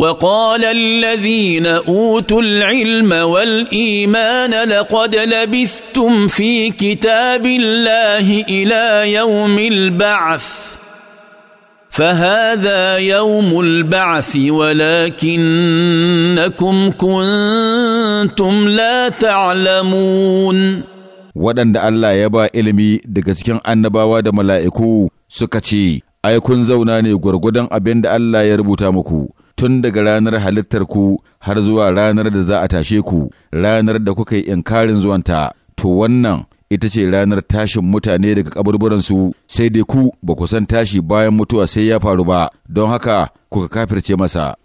وقال الذين اوتوا العلم والايمان لقد لبثتم في كتاب الله الى يوم البعث فهذا يوم البعث ولكنكم كنتم لا تعلمون waɗanda Allah ya ba ilimi daga cikin annabawa da mala'iku suka ce, Ai, zauna ne gwargwadon abinda Allah ya rubuta muku. tun daga ranar halittar ku har zuwa ranar da za a tashe ku, ranar da kuka yi inkarin zuwanta, to wannan ita ce ranar tashin mutane daga kaburburansu sai dai ku ba ku san tashi bayan mutuwa sai ya faru ba, don haka kuka kafirce masa.